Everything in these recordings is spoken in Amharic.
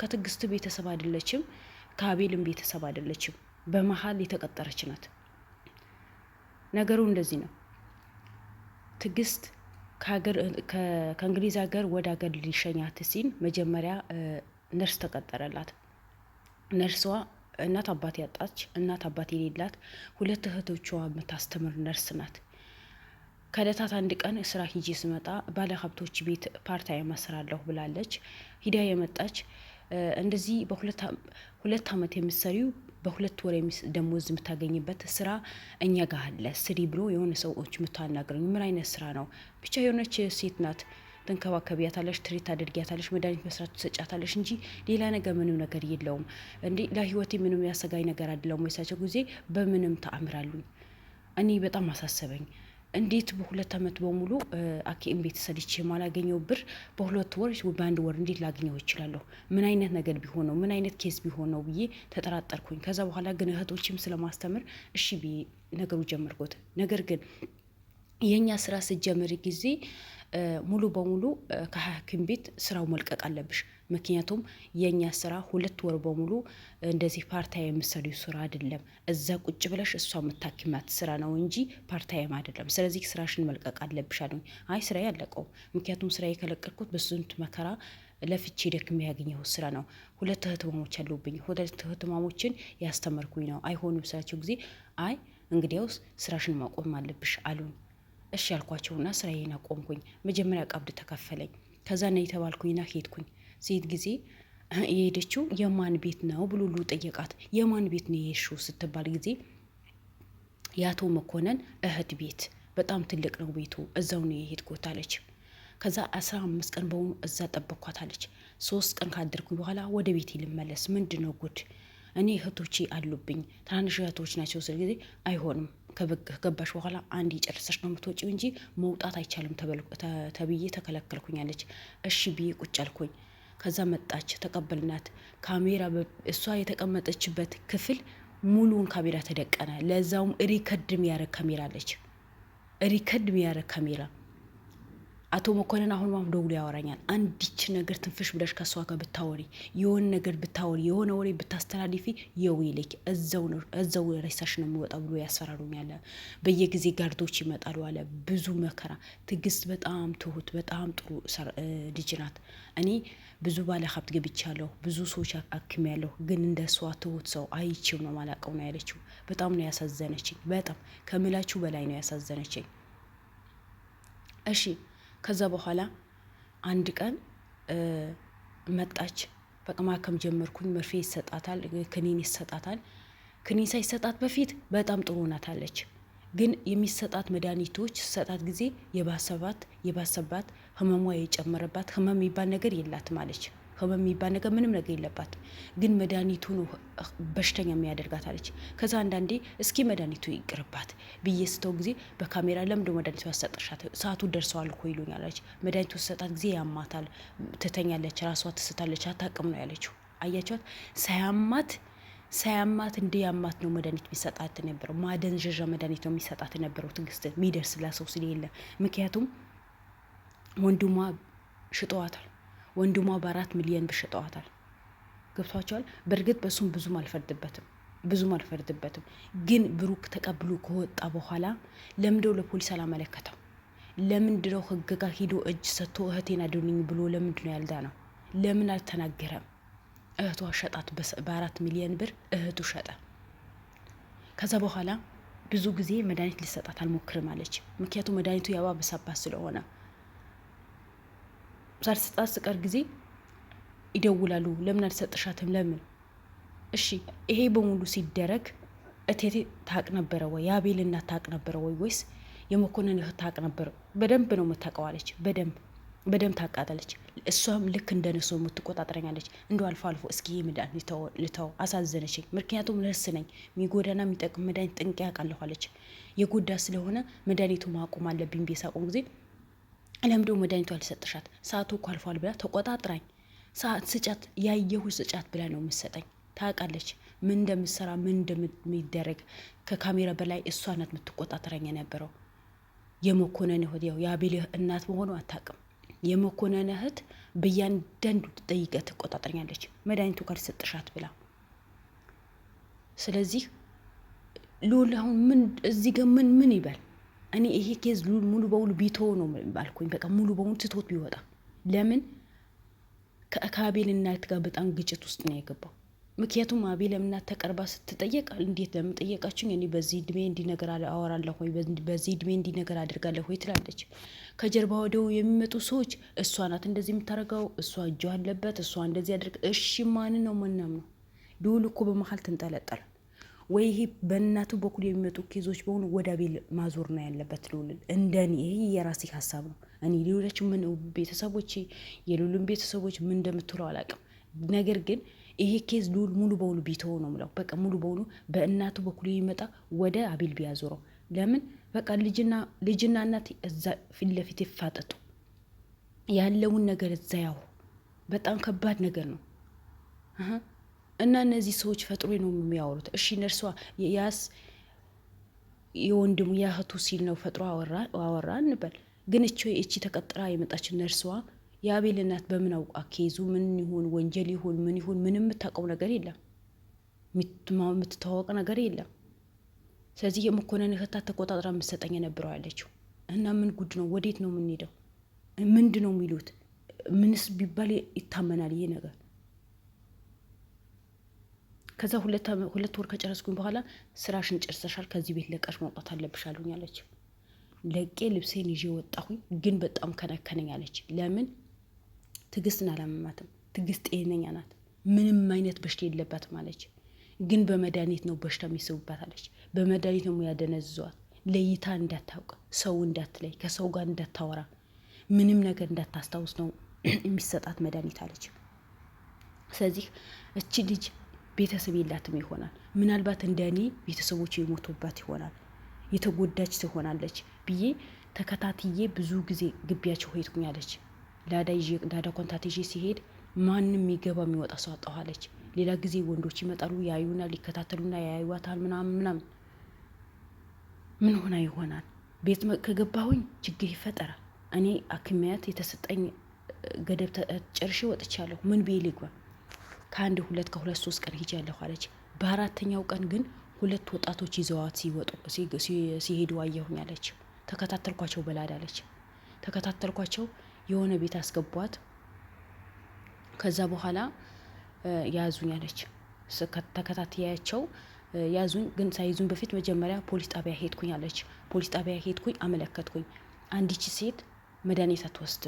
ከትግስት ቤተሰብ አይደለችም፣ ከአቤልም ቤተሰብ አይደለችም። በመሀል የተቀጠረች ናት። ነገሩ እንደዚህ ነው። ትግስት ከእንግሊዝ ሀገር ወደ ሀገር ሊሸኛት ሲል መጀመሪያ ነርስ ተቀጠረላት። ነርሷ እናት አባት ያጣች እናት አባት የሌላት ሁለት እህቶቿ የምታስተምር ነርስ ናት። ከእለታት አንድ ቀን ስራ ሂጂ ስመጣ ባለ ሀብቶች ቤት ፓርታይም እሰራለሁ ብላለች። ሂዳ የመጣች እንደዚህ በሁለት ዓመት የምትሰሪው በሁለት ወር ደሞዝ የምታገኝበት ስራ እኛ ጋ አለ ስሪ ብሎ የሆነ ሰዎች የምታናግረኝ ምን አይነት ስራ ነው? ብቻ የሆነች ሴት ናት ትንከባከቢያታለሽ፣ ትሬት አድርጊያታለሽ፣ መድኃኒት መስራት ትሰጫታለሽ እንጂ ሌላ ነገር ምንም ነገር የለውም። እንዲ ለህይወቴ ምንም ያሰጋኝ ነገር አይደለም። ወይሳቸው ጊዜ በምንም ተአምር እኔ በጣም አሳሰበኝ። እንዴት በሁለት ዓመት በሙሉ አኬም ቤተሰብ የማላገኘው ብር በሁለት ወር በአንድ ወር እንዴት ላገኘው ይችላለሁ? ምን አይነት ነገር ነው? ምን አይነት ኬዝ ነው ብዬ ተጠራጠርኩኝ። ከዛ በኋላ ግን እህቶችም ስለማስተምር እሺ ብዬ ነገሩ ጀመርኩት። ነገር ግን የእኛ ስራ ስጀምር ጊዜ ሙሉ በሙሉ ከሐኪም ቤት ስራው መልቀቅ አለብሽ። ምክንያቱም የእኛ ስራ ሁለት ወር በሙሉ እንደዚህ ፓርታይ የምትሰሪው ስራ አይደለም። እዛ ቁጭ ብለሽ እሷ የምታኪማት ስራ ነው እንጂ ፓርታይም አይደለም። ስለዚህ ስራሽን መልቀቅ አለብሽ አሉኝ። አይ ስራ ያለቀው፣ ምክንያቱም ስራ የከለቀልኩት በስንት መከራ ለፍቼ ደክሜ ያገኘሁት ስራ ነው። ሁለት እህትማሞች አሉብኝ። ሁለት እህትማሞችን ያስተመርኩኝ ነው። አይሆንም ስላቸው ጊዜ አይ እንግዲያውስ ስራሽን ማቆም አለብሽ አሉኝ። እሺ ያልኳቸውና ስራዬን አቆምኩኝ። መጀመሪያ ቀብድ ተከፈለኝ። ከዛ ና የተባልኩኝና ሄድኩኝ። ሴት ጊዜ የሄደችው የማን ቤት ነው ብሎ ሉ ጠየቃት። የማን ቤት ነው የሄድሽው ስትባል ጊዜ የአቶ መኮነን እህት ቤት በጣም ትልቅ ነው ቤቱ፣ እዛው ነው የሄድኩት አለች። ከዛ አስራ አምስት ቀን በሆኑ እዛ ጠበቅኳት አለች። ሶስት ቀን ካደርኩኝ በኋላ ወደ ቤቴ ልመለስ ምንድን ነው ጉድ? እኔ እህቶቼ አሉብኝ ትናንሽ እህቶች ናቸው። ስለ ጊዜ አይሆንም ከገባሽ በኋላ አንድ የጨርሰሽ ነው የምትወጪው እንጂ መውጣት አይቻልም ተብዬ ተከለከልኩኛለች። እሺ ብዬ ቁጭ አልኩኝ። ከዛ መጣች፣ ተቀበልናት። ካሜራ እሷ የተቀመጠችበት ክፍል ሙሉውን ካሜራ ተደቀነ። ለዛውም ሪከርድ የሚያደርግ ካሜራ አለች። ሪከርድ የሚያደርግ ካሜራ አቶ መኮንን አሁን ማም ደውሎ ያወራኛል። አንዲች ነገር ትንፍሽ ብለሽ ከሷ ጋር ብታወሪ የሆነ ነገር ብታወሪ የሆነ ወሬ ብታስተላልፊ የው ይልክ እዛው ሬሳሽ ነው የሚወጣ ብሎ ያስፈራሩኛል። በየጊዜ ጋርዶች ይመጣሉ አለ። ብዙ መከራ። ትግስት በጣም ትሁት፣ በጣም ጥሩ ልጅ ናት። እኔ ብዙ ባለ ሀብት ገብቻለሁ፣ ብዙ ሰዎች አክም ያለሁ፣ ግን እንደ ሷ ትሁት ሰው አይቼው ነው ማላቀው ነው ያለችው። በጣም ነው ያሳዘነችኝ። በጣም ከምላችሁ በላይ ነው ያሳዘነችኝ። እሺ ከዛ በኋላ አንድ ቀን መጣች። በቃ ማከም ጀመርኩኝ። መርፌ ይሰጣታል፣ ክኒን ይሰጣታል። ክኒን ሳይሰጣት በፊት በጣም ጥሩ ናታለች። ግን የሚሰጣት መድኃኒቶች ሰጣት ጊዜ የባሰባት የባሰባት ህመሟ የጨመረባት ህመም የሚባል ነገር የላትም አለች። ህመም የሚባል ነገር ምንም ነገር የለባት፣ ግን መድኃኒቱ ነው በሽተኛ የሚያደርጋት አለች። ከዛ አንዳንዴ እስኪ መድኃኒቱ ይቅርባት ብዬ ስተው ጊዜ በካሜራ ለምዶ መድኃኒቱ ያሰጠሻት ሰዓቱ ደርሰዋል እኮ ይሉኛል አለች። መድኃኒቱ ስሰጣት ጊዜ ያማታል፣ ትተኛለች፣ ራሷ ትስታለች፣ አታቅም ነው ያለችው። አያቸዋት ሳያማት ሳያማት እንደ ያማት ነው መድኃኒት የሚሰጣት ነበረው። ማደንዘዣ መድኃኒት ነው የሚሰጣት ነበረው። ትግስት የሚደርስላት ሰው ስለሌለ ምክንያቱም ወንድሟ ሽጠዋታል። ወንድሟ በአራት ሚሊዮን ብር ሸጠዋታል። ገብቷቸዋል። በእርግጥ በሱም ብዙም አልፈርድበትም ብዙም አልፈርድበትም። ግን ብሩክ ተቀብሎ ከወጣ በኋላ ለምንድነው ለፖሊስ አላመለከተው? ለምንድነው ህግ ጋር ሂዶ እጅ ሰጥቶ እህቴን አድኑኝ ብሎ ለምንድነው ያልዳ ነው? ለምን አልተናገረም? እህቷ ሸጣት በአራት ሚሊዮን ብር እህቱ ሸጠ። ከዛ በኋላ ብዙ ጊዜ መድኃኒት ሊሰጣት አልሞክርም አለች። ምክንያቱም መድኃኒቱ ያባበሰባት ስለሆነ ሳልሰጣት ስቀር ጊዜ ይደውላሉ። ለምን አልሰጥሻትም? ለምን? እሺ ይሄ በሙሉ ሲደረግ እቴቴ ታቅ ነበረ ወይ? የአቤል እናት ታቅ ነበረ ወይ? ወይስ የመኮንን እህት ታቅ ነበር? በደንብ ነው የምታውቀዋለች። በደንብ በደንብ ታቃጠለች። እሷም ልክ እንደ ነሱ የምትቆጣጠረኛለች። እንደ አልፎ አልፎ እስኪ ይህ መድኃኒት ልተው አሳዘነች። ምክንያቱም ነርስ ነኝ፣ የሚጎዳና የሚጠቅም መድኃኒት ጥንቅቄ አውቃለሁ አለች። የጎዳ ስለሆነ መድኃኒቱ ማቆም አለብኝ ቤሳቆም ጊዜ ለምዶ መድኃኒቱ አልሰጥሻት ሰዓቱ እኮ አልፏል ብላ ተቆጣጥራኝ ሰዓት ስጫት ያየሁ ስጫት ብላ ነው የምትሰጠኝ። ታውቃለች ምን እንደምትሰራ ምን እንደሚደረግ ከካሜራ በላይ እሷ ናት የምትቆጣጠረኝ የነበረው። የመኮነን እህት ያው የአቤል እናት መሆኑ አታውቅም። የመኮነን እህት በእያንዳንዱ ጠይቀ ትቆጣጠረኛለች፣ መድኃኒቱ ካልሰጥሻት ብላ። ስለዚህ ሉል አሁን ምን እዚህ ጋር ምን ምን ይበል? እኔ ይሄ ኬዝ ሙሉ በሙሉ ቢቶ ነው ባልኩኝ፣ በቃ ሙሉ በሙሉ ትቶት ቢወጣ ለምን ከአቤል እናት ጋር በጣም ግጭት ውስጥ ነው የገባው። ምክንያቱም አቤል እናት ተቀርባ ስትጠየቅ እንዴት ለምን ጠየቃችኝ? እኔ በዚህ እድሜ እንዲህ ነገር አወራለሁ ወይ በዚህ እድሜ እንዲህ ነገር አድርጋለሁ ወይ ትላለች። ከጀርባ ወደው የሚመጡ ሰዎች እሷ ናት እንደዚህ የምታደርገው፣ እሷ እጇ አለበት፣ እሷ እንደዚህ አድርግ። እሺ ማንን ነው መናም ነው? ልውል እኮ በመሀል ትንጠለጠል ወይ ይሄ በእናቱ በኩል የሚመጡ ኬዞች በሆኑ ወደ አቤል ማዞር ነው ያለበት። ልውልን እንደኔ ይሄ የራሴ ሀሳብ ነው። እኔ ሌሎችን ምን ቤተሰቦች የሉልን ቤተሰቦች ምን እንደምትለው አላውቅም። ነገር ግን ይሄ ኬዝ ልውል ሙሉ በሙሉ ቢተው ነው ምለው። በቃ ሙሉ በሙሉ በእናቱ በኩል የሚመጣ ወደ አቤል ቢያዞረው ለምን በቃ ልጅና ልጅና እናት እዛ ፊት ለፊት ይፋጠጡ ያለውን ነገር እዛ ያው በጣም ከባድ ነገር ነው። እና እነዚህ ሰዎች ፈጥሮ ነው የሚያወሩት። እሺ ነርሷ ያስ የወንድሙ ያህቱ ሲል ነው ፈጥሮ አወራ እንበል። ግን እቺ እቺ ተቀጥራ የመጣች ነርሷ የአቤል እናት በምን አውቃ ኬዙ ምን ይሁን ወንጀል ይሁን ምን ይሁን ምን የምታውቀው ነገር የለም፣ የምትተዋወቅ ነገር የለም። ስለዚህ የመኮንን ህታት ተቆጣጥራ የምትሰጠኝ የነበረው ያለችው? እና ምን ጉድ ነው? ወዴት ነው የምንሄደው? ምንድ ነው የሚሉት? ምንስ ቢባል ይታመናል ይሄ ነገር ከዛ ሁለት ወር ከጨረስኩኝ በኋላ ስራሽን ጨርሰሻል፣ ከዚህ ቤት ለቀሽ መውጣት አለብሽ አሉኝ አለች። ለቄ ልብሴን ይዤ ወጣሁኝ፣ ግን በጣም ከነከነኝ አለች። ለምን ትግስትን አላመማትም። ትግስት ጤነኛ ናት፣ ምንም አይነት በሽታ የለባትም አለች። ግን በመድኃኒት ነው በሽታ የሚስቡባት አለች። በመድኃኒት ነው ያደነዝዟት። ለይታ እንዳታውቅ፣ ሰው እንዳትለይ፣ ከሰው ጋር እንዳታወራ፣ ምንም ነገር እንዳታስታውስ ነው የሚሰጣት መድኃኒት አለች። ስለዚህ እቺ ልጅ ቤተሰብ የላትም ይሆናል። ምናልባት እንደ እኔ ቤተሰቦች የሞቱባት ይሆናል የተጎዳች ትሆናለች ብዬ ተከታትዬ ብዙ ጊዜ ግቢያቸው ሄድኩኛለች። ላዳ ይዤ ላዳ ኮንታት ይዤ ሲሄድ ማንም የሚገባ የሚወጣ ሰው አጣኋለች። ሌላ ጊዜ ወንዶች ይመጣሉ ያዩና ሊከታተሉና ያዩዋታል ምናምን ምናምን ምን ሆና ይሆናል። ቤት ከገባሁኝ ችግር ይፈጠራል። እኔ አክሚያት የተሰጠኝ ገደብ ጨርሼ ወጥቻለሁ። ምን ብዬ ልግባ? ከአንድ ሁለት ከሁለት ሶስት ቀን ሂጅ ያለሁ አለች። በአራተኛው ቀን ግን ሁለት ወጣቶች ይዘዋት ሲወጡ ሲሄዱ አየሁኝ አለች። ተከታተልኳቸው በላድ አለች። ተከታተልኳቸው የሆነ ቤት አስገቧት። ከዛ በኋላ ያዙኝ አለች። ተከታተያቸው ያዙኝ። ግን ሳይዙኝ በፊት መጀመሪያ ፖሊስ ጣቢያ ሄድኩኝ አለች። ፖሊስ ጣቢያ ሄድኩኝ፣ አመለከትኩኝ። አንዲች ሴት መድኃኒት አትወስድ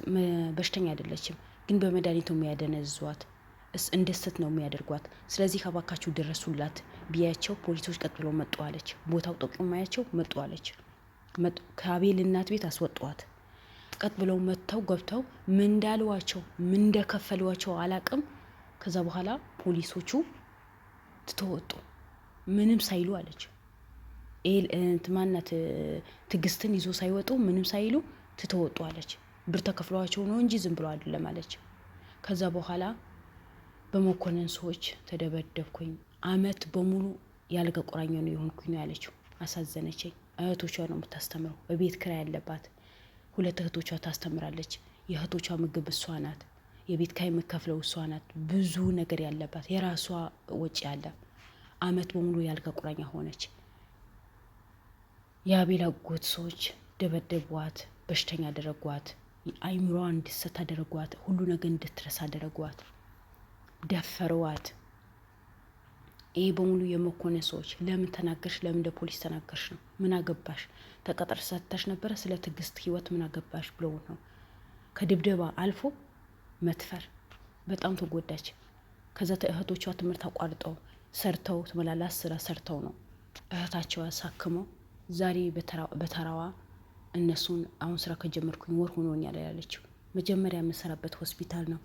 በሽተኛ አይደለችም፣ ግን በመድኃኒቱ የሚያደነዝዟት እንደስት ነው የሚያደርጓት። ስለዚህ ከባካችሁ ደረሱላት ብያቸው ፖሊሶች ቀጥ ብለው መጡ አለች። ቦታው ጠቁም ማያቸው መጡ አለች። ከአቤል እናት ቤት አስወጧት። ቀጥ ብለው መጥተው ገብተው ምን እንዳልዋቸው ምን እንደከፈሏቸው አላቅም። ከዛ በኋላ ፖሊሶቹ ትተወጡ ምንም ሳይሉ አለች። ማናት ትግስትን ይዞ ሳይወጡ ምንም ሳይሉ ትተወጡ አለች። ብር ተከፍሏቸው ነው እንጂ ዝም ብሎ አይደለም አለች። ከዛ በኋላ በመኮንን ሰዎች ተደበደብኩኝ። አመት በሙሉ ያልጋ ቁራኛ ነው የሆንኩኝ ነው ያለችው። አሳዘነችኝ። እህቶቿ ነው የምታስተምረው። በቤት ኪራይ ያለባት ሁለት እህቶቿ ታስተምራለች። የእህቶቿ ምግብ እሷ ናት። የቤት ኪራይ የምከፍለው እሷ ናት። ብዙ ነገር ያለባት የራሷ ወጪ ያለ አመት በሙሉ ያልጋ ቁራኛ ሆነች። የአቤል አጎት ሰዎች ደበደቧት። በሽተኛ አደረጓት። አይምሮዋ እንድትሰት አደረጓት። ሁሉ ነገር እንድትረሳ አደረጓት። ደፈረዋት። ይህ በሙሉ የመኮነ ሰዎች ለምን ተናገርሽ? ለምን እንደ ፖሊስ ተናገርሽ ነው? ምን አገባሽ? ተቀጥር ሰጥተሽ ነበረ። ስለ ትዕግስት ህይወት ምን አገባሽ ብለው ነው። ከድብደባ አልፎ መትፈር። በጣም ተጎዳች። ከዛ እህቶቿ ትምህርት አቋርጠው ሰርተው ተመላላስ ስራ ሰርተው ነው እህታቸው አሳክመው ዛሬ በተራዋ እነሱን አሁን ስራ ከጀመርኩኝ ወር ሆኖኛል ያለችው መጀመሪያ የምሰራበት ሆስፒታል ነው።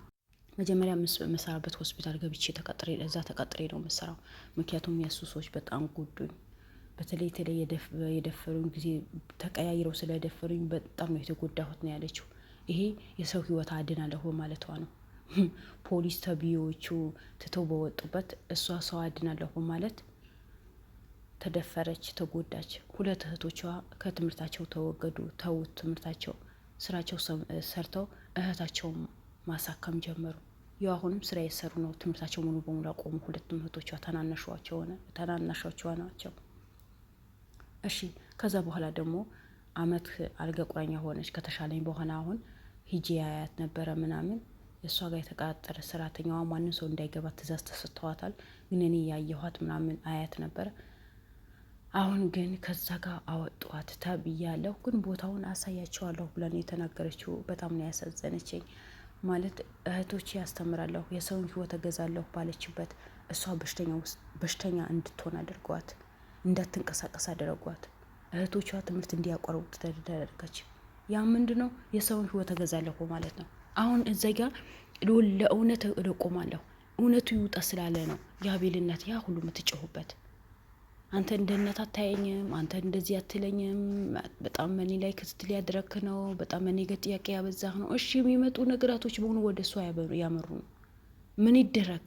መጀመሪያ የምሰራበት ሆስፒታል ገብቼ ተቀጥሬ እዛ ተቀጥሬ ነው መሰራው። ምክንያቱም የእሱ ሰዎች በጣም ጎዱኝ። በተለይ ተለይ የደፈሩኝ ጊዜ ተቀያይረው ስለደፈሩኝ በጣም ነው የተጎዳሁት ነው ያለችው። ይሄ የሰው ህይወት አድናለሁ ማለቷ ነው። ፖሊስ ተብዬዎቹ ትተው በወጡበት እሷ ሰው አድናለሁ ማለት ተደፈረች፣ ተጎዳች። ሁለት እህቶቿ ከትምህርታቸው ተወገዱ፣ ተውት ትምህርታቸው፣ ስራቸው ሰርተው እህታቸውን ማሳከም ጀመሩ። ያው አሁንም ስራ የሰሩ ነው። ትምህርታቸው ሙሉ በሙሉ አቆሙ። ሁለቱም እህቶቿ ታናናሾቿ ናቸው። እሺ ከዛ በኋላ ደግሞ አመት አልጋ ቁራኛ ሆነች። ከተሻለኝ በኋላ አሁን ሂጂ ያያት ነበረ ምናምን እሷ ጋር የተቀጣጠረ ሰራተኛዋ ማንም ሰው እንዳይገባ ትእዛዝ ተሰጥተዋታል። ግን እኔ ያየኋት ምናምን አያት ነበረ። አሁን ግን ከዛ ጋር አወጧት ተብያለሁ። ግን ቦታውን አሳያቸዋለሁ ብለን የተናገረችው በጣም ነው ያሳዘነችኝ። ማለት እህቶች ያስተምራለሁ የሰውን ህይወት እገዛለሁ ባለችበት እሷ በሽተኛ እንድትሆን አድርጓት፣ እንዳትንቀሳቀስ አደረጓት። እህቶቿ ትምህርት እንዲያቋርቡ ተደረገች። ያ ምንድ ነው? የሰውን ህይወት እገዛለሁ ማለት ነው። አሁን እዛ ጋ ለእውነት እቆማለሁ እውነቱ ይውጣ ስላለ ነው ያ ቤልነት ያ ሁሉ የምትጮሁበት። አንተ እንደ አታየኝም፣ አንተ እንደዚህ አትለኝም፣ በጣም እኔ ላይ ክትትል ያድረክ ነው፣ በጣም እኔ ጋር ጥያቄ ያበዛህ ነው። እሺ የሚመጡ ነገራቶች በሆኑ ወደ እሷ ያመሩ ነው። ምን ይደረግ?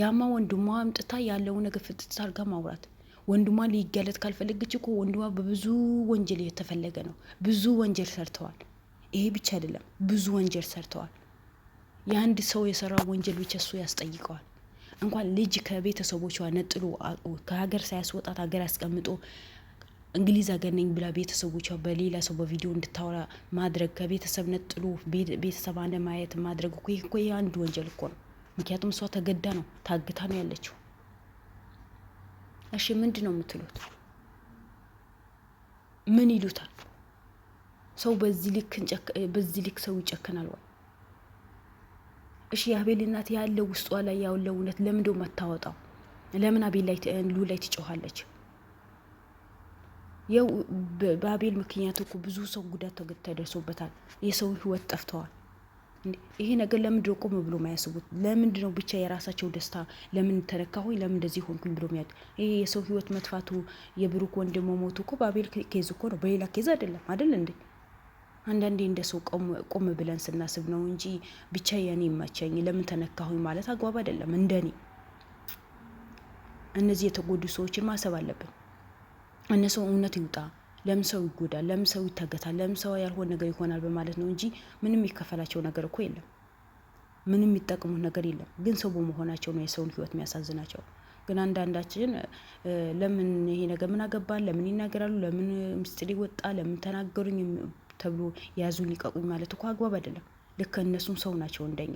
ያማ ወንድሟ አምጥታ ያለውን ነገር ፍጥጥ አድርጋ ማውራት ወንድሟ ሊጋለጥ ካልፈለገች እኮ ወንድሟ በብዙ ወንጀል የተፈለገ ነው። ብዙ ወንጀል ሰርተዋል። ይሄ ብቻ አይደለም፣ ብዙ ወንጀል ሰርተዋል። የአንድ ሰው የሰራው ወንጀል ብቻ እሱ ያስጠይቀዋል። እንኳን ልጅ ከቤተሰቦቿ ነጥሎ ከሀገር ሳያስወጣት ሀገር ያስቀምጦ እንግሊዝ ሀገር ነኝ ብላ ቤተሰቦቿ በሌላ ሰው በቪዲዮ እንድታወራ ማድረግ ከቤተሰብ ነጥሎ ቤተሰብ አንድ ማየት ማድረግ እኮ ይህ አንድ ወንጀል እኮ ነው። ምክንያቱም እሷ ተገዳ ነው ታግታ ነው ያለችው። እሺ ምንድን ነው የምትሉት? ምን ይሉታል? ሰው በዚህ ልክ ሰው ይጨክናል። እሺ የአቤል እናት ያለው ውስጧ ላይ ያለው እውነት ለምን እንደው ለምን አቤል ላይ ሉ ላይ ትጮኻለች? ያው በአቤል ምክንያት እኮ ብዙ ሰው ጉዳት ተደርሶበታል። የሰው ህይወት ጠፍተዋል። ይሄ ነገር ለምንድን ነው ቆም ብሎ ማያስቡት? ለምንድን ነው ብቻ የራሳቸው ደስታ ለምን ተነካሁኝ፣ ለምን እንደዚህ ሆንኩኝ ብሎ ሚያድ ይሄ የሰው ህይወት መጥፋቱ የብሩክ ወንድም መሞቱ እኮ በአቤል ኬዝ እኮ ነው፣ በሌላ ኬዝ አይደለም። አይደል እንዴ? አንዳንዴ እንደ ሰው ቆም ብለን ስናስብ ነው እንጂ ብቻ የኔ ይመቸኝ ለምን ተነካሁኝ ማለት አግባብ አይደለም። እንደኔ እነዚህ የተጎዱ ሰዎችን ማሰብ አለብን። ሰው እውነት ይውጣ፣ ለምን ሰው ይጎዳል፣ ለምን ሰው ይታገታል፣ ለምን ሰው ያልሆን ነገር ይሆናል በማለት ነው እንጂ ምንም የሚከፈላቸው ነገር እኮ የለም፣ ምንም የሚጠቅሙት ነገር የለም። ግን ሰው በመሆናቸው ነው የሰውን ህይወት የሚያሳዝናቸው። ግን አንዳንዳችን ለምን ይሄ ነገር ምን አገባን፣ ለምን ይናገራሉ፣ ለምን ምስጢር ይወጣ፣ ለምን ተናገሩኝ ተብሎ ያዙ ሊቀቁኝ ማለት እኮ አግባብ አይደለም። ልክ እነሱም ሰው ናቸው እንደኛ